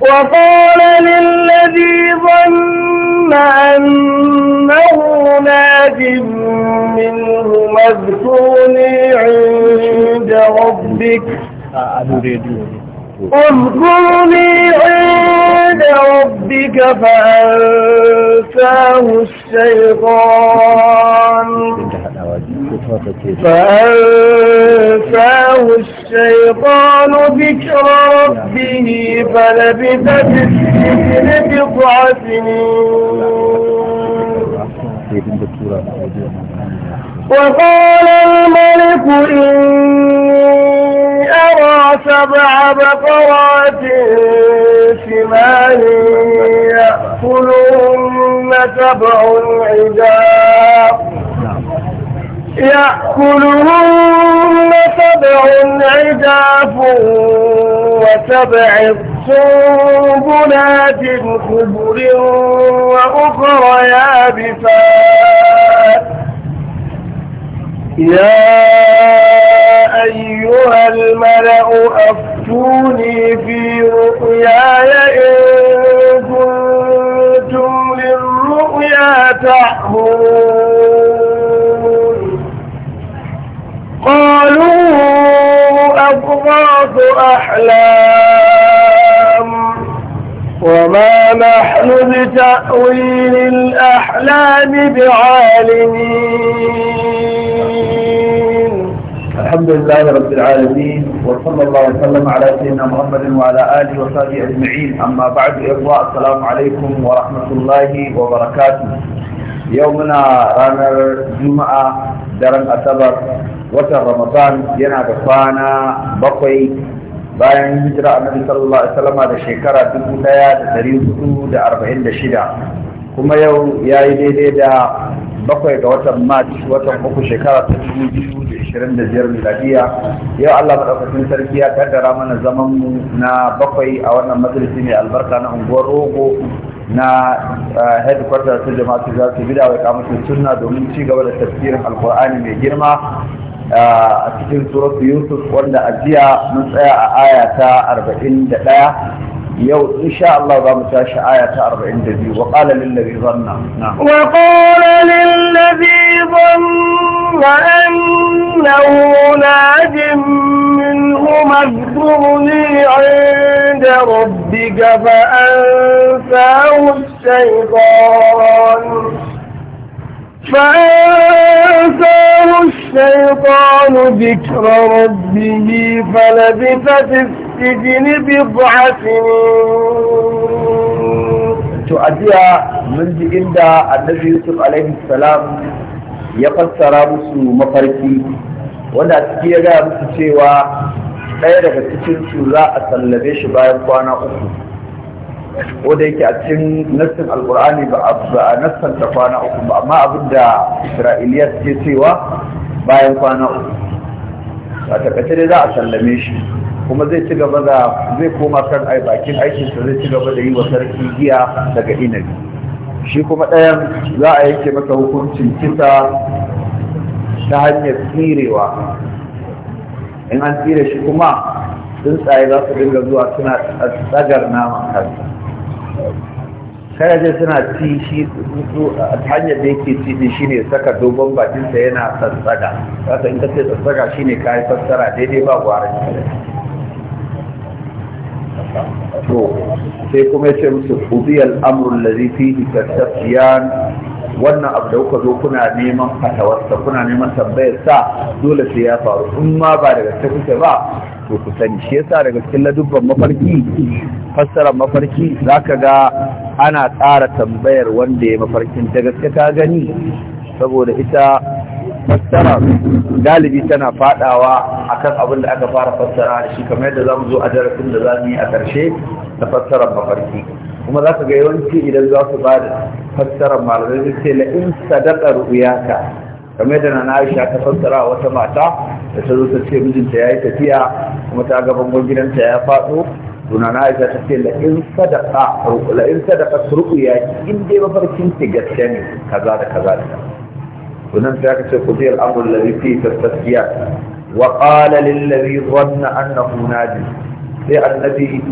وقال للذي ظن أنه ناج منه مذكوني عند ربك اذكرني عند ربك فأنساه الشيطان فأنساه الشيطان ذكر ربه فلبث في السجن بضع وقال الملك إني أرى سبع بقرات سمان يأكلهن سبع عجاب يأكلهن سبع عجاف وسبع سنبلات خبر وأخرى يابسات يا أيها الملأ أفتوني في رؤياي إن كنتم للرؤيا تأمرون أضغاث أحلام وما نحن بتأويل الأحلام بعالمين الحمد لله رب العالمين وصلى الله وسلم على سيدنا محمد وعلى آله وصحبه أجمعين أما بعد إخوة السلام عليكم ورحمة الله وبركاته يومنا رانر جمعة درن أتبر watan ramadan yana da kwana bakwai bayan hijira a annabi sallallahu alaihi wasallam da shekara 1446 kuma yau yayi daidai da bakwai ga watan march watan uku shekara ta 2025 miladiya yau Allah madaukakin sarki ya kaddara mana zaman mu na bakwai a wannan majalisi mai albarka na unguwar rogo na headquarters ta jama'atu za su bida wa kamusin sunna domin ci gaba da tafsirin alkur'ani mai girma a cikin suratu yusuf wanda a jiya mun tsaya a aya ta 41 yau insha Allah za mu tashi aya ta 42 wa qala lil ladhi dhanna wa qala lil ladhi dhanna annahu najim minhum اذkurni inda rabbika fa ansahu الشيطان فأنساه الشيطان ذكر ربه فلبث في السجن بضع سنين to ajiya mun ji inda annabi yusuf alaihi salam ya fassara musu mafarki wanda a ciki ya gaya musu cewa ɗaya daga cikin su za a sallabe shi bayan kwana uku ko da yake a cikin nassin alkur'ani ba a nassanta kwana uku ba amma abin da isra'iliyat ke cewa bayan kwana uku a takaice dai za a sallame shi kuma zai ci gaba da zai koma kan bakin aikinsa zai ci gaba da yi wa sarki giya daga inabi shi kuma ɗayan za a yanke masa hukuncin kisa ta hanyar tsirewa in an tsire shi kuma tsuntsaye za su dinga zuwa suna tsagar naman kansa kada suna ci shi hanyar da yake ci shi ne saka dogon bakinsa yana tsatsaga saka in ka ce tsatsaga shine kayi fassara daidai ba gwaran to sai kuma yace musu qudiyal amru allazi da tastafiyan wannan abu da kuka zo kuna neman fatawarsa kuna neman tambayar sa dole sai ya faru in ma ba daga ta kuke ba to ku sani shi yasa daga cikin ladubban mafarki fassarar mafarki za ka ga ana tsara tambayar wanda ya mafarkin ta gaske ka gani saboda ita fassara galibi tana fadawa akan abin da aka fara fassara da shi kamar yadda zamu zo a darasin da zamu yi a karshe na fassarar mafarki kuma zaka ga yawanci idan za su ba da fassarar malamai sai ce la in sadaqa ru'yaka kamar yadda na Aisha ta fassara wata mata da ta zo ta ce mijinta yayi tafiya kuma ta gaban gidanta ya faɗo هنا عايزه تقول لك ان صدق آه، لا ان صدقت رؤيا ان دي بفرتين تجتن كذا كذا هنا ذاك تقول الامر الذي فيه تستفيات وقال للذي ظن انه ناجي